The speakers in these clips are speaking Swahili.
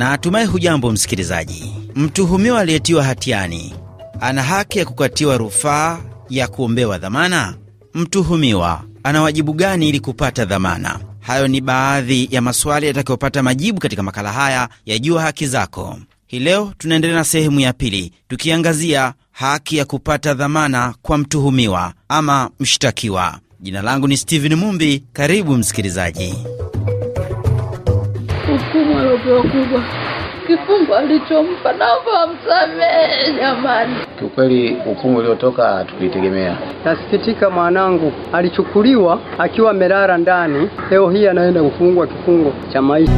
na atumai, hujambo msikilizaji. Mtuhumiwa aliyetiwa hatiani ana haki ya kukatiwa rufaa ya kuombewa dhamana? Mtuhumiwa ana wajibu gani ili kupata dhamana? Hayo ni baadhi ya maswali yatakayopata majibu katika makala haya ya Jua Haki Zako. Hii leo tunaendelea na sehemu ya pili, tukiangazia haki ya kupata dhamana kwa mtuhumiwa ama mshtakiwa. Jina langu ni Steven Mumbi. Karibu msikilizaji roho kubwa kifungo alichompa, naomba msamehe jamani. Kiukweli hukumu uliotoka hatukuitegemea. Nasikitika mwanangu alichukuliwa akiwa amelala ndani, leo hii anaenda kufungwa kifungo cha maisha.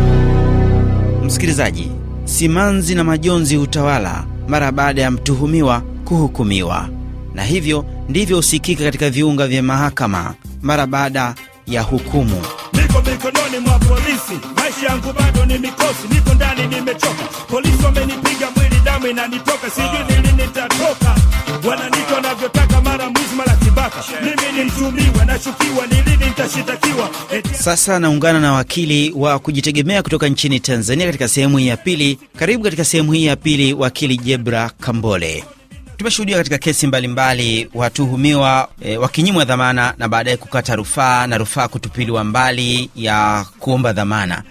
Msikilizaji, simanzi na majonzi hutawala mara baada ya mtuhumiwa kuhukumiwa, na hivyo ndivyo husikika katika viunga vya mahakama mara baada ya hukumu mikononi mwa polisi, maisha yangu bado ni mikosi, niko ndani nimechoka, polisi wamenipiga mwili, damu inanitoka, sijui nili nitatoka, wananito wanavyotaka, mara mwizi, mara kibaka, mimi ni mtumiwa, nashukiwa, ni lini nitashitakiwa? Sasa naungana na wakili wa kujitegemea kutoka nchini Tanzania katika sehemu hii ya pili. Karibu katika sehemu hii ya pili, wakili Jebra Kambole. Tumeshuhudia katika kesi mbalimbali watuhumiwa e, wakinyimwa dhamana na baadaye kukata rufaa na rufaa kutupiliwa mbali ya kuomba dhamana.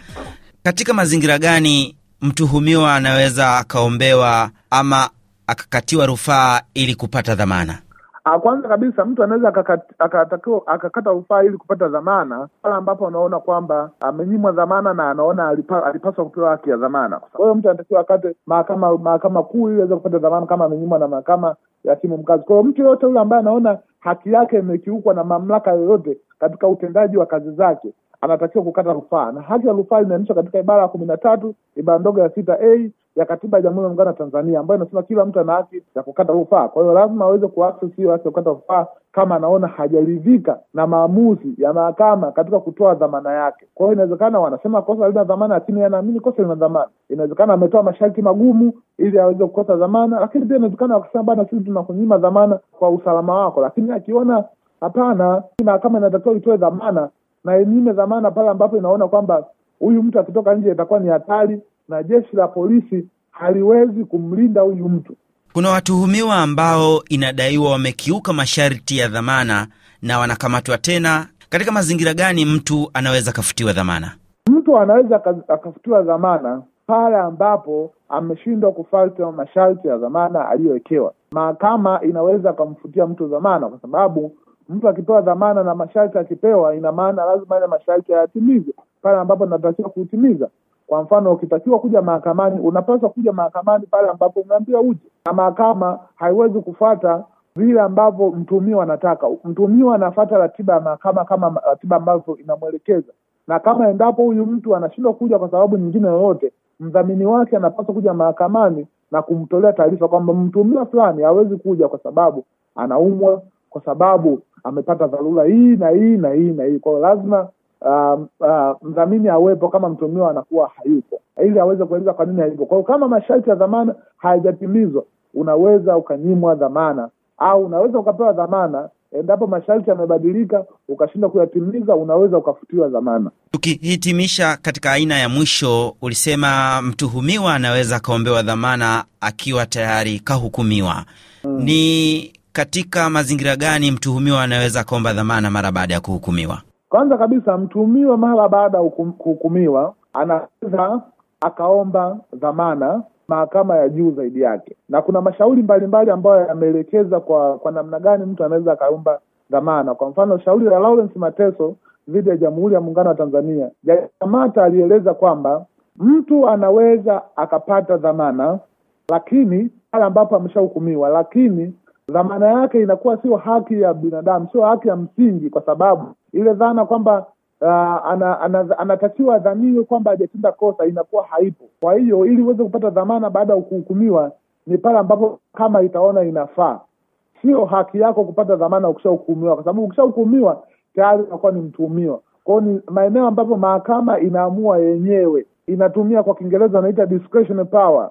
Katika mazingira gani mtuhumiwa anaweza akaombewa ama akakatiwa rufaa ili kupata dhamana? Ah, kwanza kabisa mtu anaweza akakatakiwa akakata rufaa ili kupata dhamana pale ambapo anaona kwamba amenyimwa dhamana na anaona alipa, alipaswa kupewa haki ya dhamana. Kwa hiyo mtu anatakiwa akate mahakama mahakama kuu ili aweze kupata dhamana kama amenyimwa na mahakama ya hakimu mkazi. Kwa hiyo mtu yoyote yule ambaye anaona haki yake imekiukwa na mamlaka yoyote katika utendaji wa kazi zake anatakiwa kukata rufaa, na haki ya rufaa imeanishwa katika ibara ya kumi na tatu ibara ndogo ya sita a ya Katiba ya Jamhuri ya Muungano wa Tanzania ambayo inasema kila mtu ana haki ya kukata rufaa. Kwa hiyo lazima aweze kuaccess hiyo haki ya kukata rufaa kama anaona hajaridhika na maamuzi ya mahakama katika kutoa dhamana yake. Kwa hiyo inawezekana wanasema kosa lina dhamana, lakini anaamini kosa lina dhamana. Inawezekana ametoa masharti magumu ili aweze kukosa dhamana, lakini pia inawezekana wakisema bana, sisi tunakunyima dhamana kwa usalama wako, lakini akiona hapana, mahakama inatakiwa itoe dhamana na inyime dhamana pale ambapo inaona kwamba huyu mtu akitoka nje itakuwa ni hatari na jeshi la polisi haliwezi kumlinda huyu mtu. Kuna watuhumiwa ambao inadaiwa wamekiuka masharti ya dhamana na wanakamatwa tena. Katika mazingira gani mtu anaweza akafutiwa dhamana? Mtu anaweza akafutiwa dhamana pale ambapo ameshindwa kufuata masharti ya dhamana aliyowekewa. Mahakama inaweza akamfutia mtu dhamana, kwa sababu mtu akipewa dhamana na masharti akipewa, ina maana lazima ile masharti ayatimize pale ambapo anatakiwa kuutimiza. Kwa mfano, ukitakiwa kuja mahakamani, unapaswa kuja mahakamani pale ambapo umeambiwa uje, na mahakama haiwezi kufuata vile ambavyo mtumiwa anataka. Mtumiwa anafata ratiba ya mahakama kama ratiba ambavyo inamwelekeza, na kama endapo huyu mtu anashindwa kuja kwa sababu nyingine yoyote, mdhamini wake anapaswa kuja mahakamani na kumtolea taarifa kwamba mtumiwa fulani hawezi kuja kwa sababu anaumwa, kwa sababu amepata dharura hii na hii na hii na hii, kwao lazima um, uh, mdhamini awepo kama mtumiwa anakuwa hayupo, ili aweze kueleza kwa nini hayupo. kwao kama masharti ya dhamana hayajatimizwa, unaweza ukanyimwa dhamana au unaweza ukapewa dhamana endapo masharti yamebadilika ukashindwa kuyatimiza, unaweza ukafutiwa dhamana. Tukihitimisha katika aina ya mwisho, ulisema mtuhumiwa anaweza akaombewa dhamana akiwa tayari kahukumiwa. Hmm, ni katika mazingira gani mtuhumiwa anaweza akaomba dhamana mara baada ya kuhukumiwa? Kwanza kabisa mtumiwa mara baada ya kuhukumiwa anaweza akaomba dhamana mahakama ya juu zaidi yake, na kuna mashauri mbalimbali ambayo yameelekeza kwa kwa namna gani mtu anaweza akaomba dhamana. Kwa mfano shauri la Lawrence Mateso dhidi ya Jamhuri ya Muungano wa Tanzania, Jaji alieleza kwamba mtu anaweza akapata dhamana, lakini pale ambapo ameshahukumiwa, lakini dhamana yake inakuwa sio haki ya binadamu, sio haki ya msingi, kwa sababu ile dhana kwamba uh, anatakiwa ana, ana, anatakiwa dhaniwe kwamba hajatenda kosa inakuwa haipo. Kwa hiyo ili uweze kupata dhamana baada ya kuhukumiwa ni pale ambapo kama itaona inafaa, sio haki yako kupata dhamana ukishahukumiwa, kwa sababu ukishahukumiwa tayari unakuwa ni mtuhumiwa. Kwao ni maeneo ambapo mahakama inaamua yenyewe, inatumia kwa Kiingereza wanaita discretion power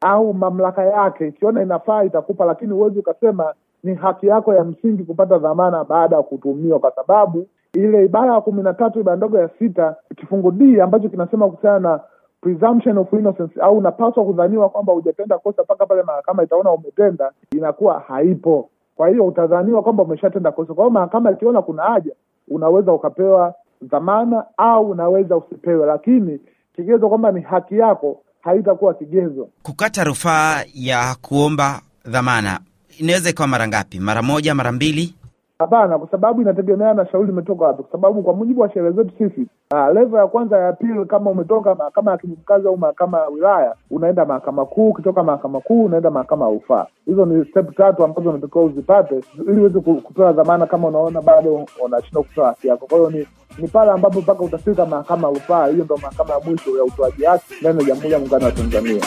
au mamlaka yake ikiona inafaa itakupa, lakini huwezi ukasema ni haki yako ya msingi kupata dhamana baada ya kutumiwa kwa sababu ile ibara ya kumi na tatu ibara ndogo ya sita kifungu D ambacho kinasema kuhusiana na presumption of innocence au unapaswa kudhaniwa kwamba hujatenda kosa mpaka pale mahakama itaona umetenda, inakuwa haipo. Kwa hiyo utadhaniwa kwamba umeshatenda kosa. Kwa hiyo mahakama ikiona kuna haja, unaweza ukapewa dhamana au unaweza usipewe, lakini kigezo kwamba ni haki yako haitakuwa kigezo. Kukata rufaa ya kuomba dhamana inaweza ikawa mara ngapi? Mara moja, mara mbili? Hapana, kwa sababu inategemea na shauri limetoka wapi, kwa sababu kwa mujibu wa sheria zetu sisi ah, levo ya kwanza ya pili, kama umetoka mahakama ya kimkazi au mahakama ya wilaya, unaenda mahakama kuu, ukitoka mahakama kuu unaenda mahakama ya rufaa. Hizo ni step tatu ambazo unatakiwa uzipate ili uweze kutoa dhamana, kama unaona bado unashindwa kutoa haki yako. Kwa hiyo ni ni pale ambapo mpaka utafika mahakama ya rufaa. Hiyo ndo mahakama ya mwisho ya utoaji haki ndani ya Jamhuri ya Muungano wa Tanzania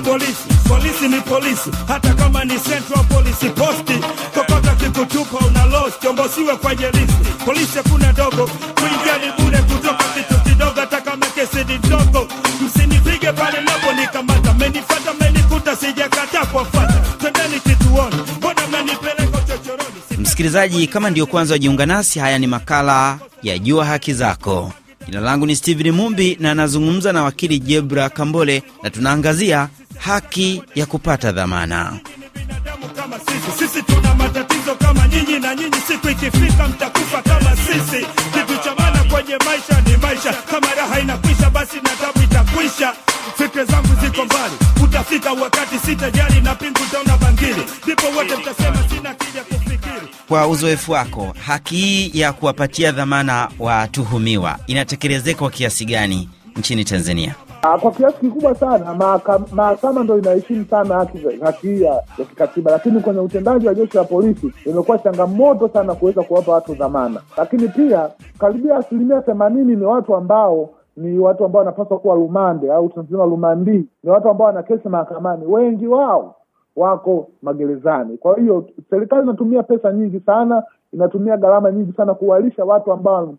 polisi. Polisi ni polisi, hata kama ni Central Police Posti. Kokota kikutupa una lost, ombosiwe kwa jelisi. Polisi hakuna dogo, kuingia ni bure, kutoka kitu kidogo, hata kama kesi ni dogo. Msinipige pale napo nikamata, menifata menikuta, sijakataa kuwafuata, twendeni kituoni, mbona menipeleko chochoroni? Msikilizaji, kama ndiyo kwanza wajiunga nasi, haya ni makala ya Jua Haki Zako. Jina langu ni Steven Mumbi na nazungumza na wakili Jebra Kambole na tunaangazia haki ya kupata dhamana. kwenye maisha ni maisha. Kama raha inakwisha, basi na tabu itakwisha. Fikra zangu ziko mbali, utafika wakati sitajali na pingu taona bangili, ndipo wote mtasema sina kufikiri. Kwa uzoefu wako, haki hii ya kuwapatia dhamana watuhumiwa inatekelezeka kwa kiasi gani nchini Tanzania? Ah, kwa kiasi kikubwa sana mahakama ndo inaheshimu sana haki hii ya kikatiba, lakini kwenye utendaji wa jeshi la polisi imekuwa changamoto sana kuweza kuwapa watu dhamana. Lakini pia karibia asilimia themanini ni watu ambao ni watu ambao wanapaswa kuwa rumande au tunasema rumandii, ni watu ambao wana kesi mahakamani, wengi wao wako magerezani. Kwa hiyo serikali inatumia pesa nyingi sana inatumia gharama nyingi sana kuwalisha watu ambao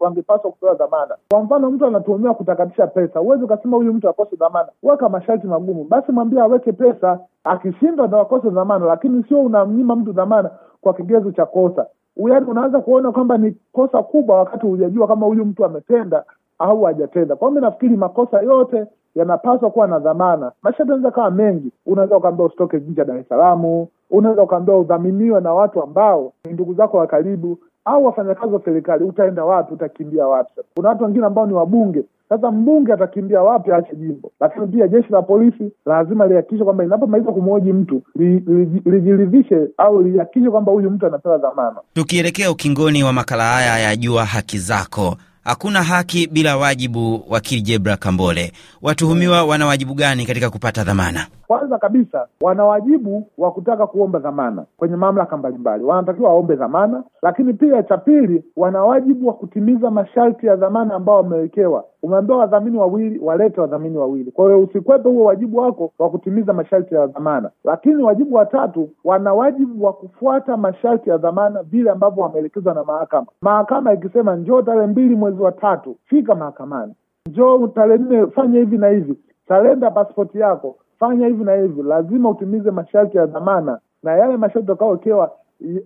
wangepaswa kupewa dhamana. Kwa mfano, mtu anatuhumiwa kutakatisha pesa, huwezi ukasema huyu mtu akose dhamana, weka masharti magumu, basi mwambie aweke pesa, akishindwa ndo akose dhamana, lakini sio unamnyima mtu dhamana kwa kigezo cha kosa. Yaani unaanza kuona kwamba ni kosa kubwa wakati hujajua kama huyu mtu ametenda au hajatenda. Kwa mi nafikiri makosa yote yanapaswa kuwa na dhamana. Masharti yanaweza kawa mengi, unaweza ukaambia usitoke nje ya Dar es Salaam, unaweza ukaambiwa udhaminiwe na watu ambao ni ndugu zako wa karibu au wafanyakazi wa serikali. Utaenda wapi? Utakimbia wapi? Sasa kuna watu wengine ambao ni wabunge. Sasa mbunge atakimbia wapi aache jimbo? Lakini pia jeshi la polisi lazima lihakikishe kwamba linapomaliza kumhoji mtu lijiridhishe li, li, au lihakikishe kwamba huyu mtu anapewa dhamana. Tukielekea ukingoni wa makala haya ya Jua Haki Zako, Hakuna haki bila wajibu. Wakili Jebra Kambole, watuhumiwa wana wajibu gani katika kupata dhamana? Kwanza kabisa wana wajibu wa kutaka kuomba dhamana kwenye mamlaka mbalimbali, wanatakiwa waombe dhamana. Lakini pia cha pili, wana wajibu wa kutimiza masharti ya dhamana ambao wamewekewa. Umeambiwa wadhamini wawili, walete wadhamini wawili. Kwa hiyo usikwepe huo wajibu wako wa kutimiza masharti ya dhamana. Lakini wajibu wa tatu, wana wajibu wa kufuata masharti ya dhamana vile ambavyo wameelekezwa na mahakama. Mahakama ikisema njoo tarehe mbili mwezi mwezi wa tatu, fika mahakamani, njoo tarehe nne, fanya hivi na hivi, talenda pasipoti yako, fanya hivi na hivi. Lazima utimize masharti ya dhamana na yale masharti utakaowekewa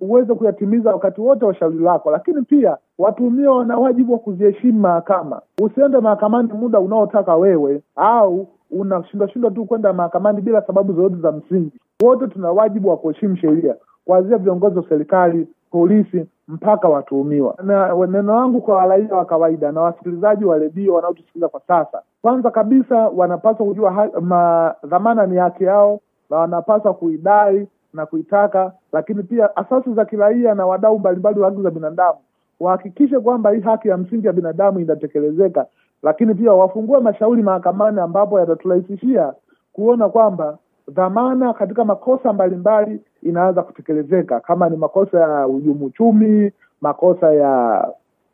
uweze kuyatimiza wakati wote wa shauri lako. Lakini pia watuhumiwa wana wajibu wa kuziheshimu mahakama. Usiende mahakamani muda unaotaka wewe, au unashindwashindwa tu kwenda mahakamani bila sababu zozote za msingi. Wote tuna wajibu wa kuheshimu sheria, kuanzia viongozi wa serikali, polisi mpaka watuhumiwa. Na neno langu kwa waraia wa kawaida na wasikilizaji wa redio wanaotusikiliza kwa sasa, kwanza kabisa wanapaswa kujua dhamana ni haki yao na wanapaswa kuidai na kuitaka, lakini pia asasi za kiraia na wadau mbalimbali wa haki za binadamu wahakikishe kwamba hii haki ya msingi ya binadamu inatekelezeka, lakini pia wafungue mashauri mahakamani ambapo yataturahisishia kuona kwamba dhamana katika makosa mbalimbali inaanza kutekelezeka, kama ni makosa ya hujumu uchumi, makosa ya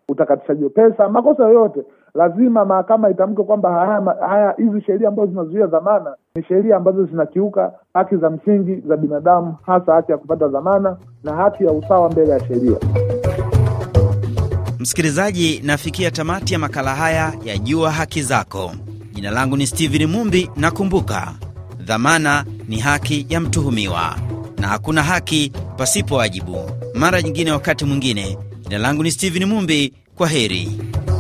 utakatishaji wa pesa, makosa yoyote, lazima mahakama itamke kwamba haya, hizi sheria ambazo zinazuia dhamana ni sheria ambazo zinakiuka haki za msingi za binadamu, hasa haki ya kupata dhamana na haki ya usawa mbele ya sheria. Msikilizaji, nafikia tamati ya makala haya ya Jua Haki Zako. Jina langu ni stehen Mumbi, na kumbuka Dhamana ni haki ya mtuhumiwa na hakuna haki pasipo wajibu. Mara nyingine, wakati mwingine. Jina langu ni Steven Mumbi. Kwa heri.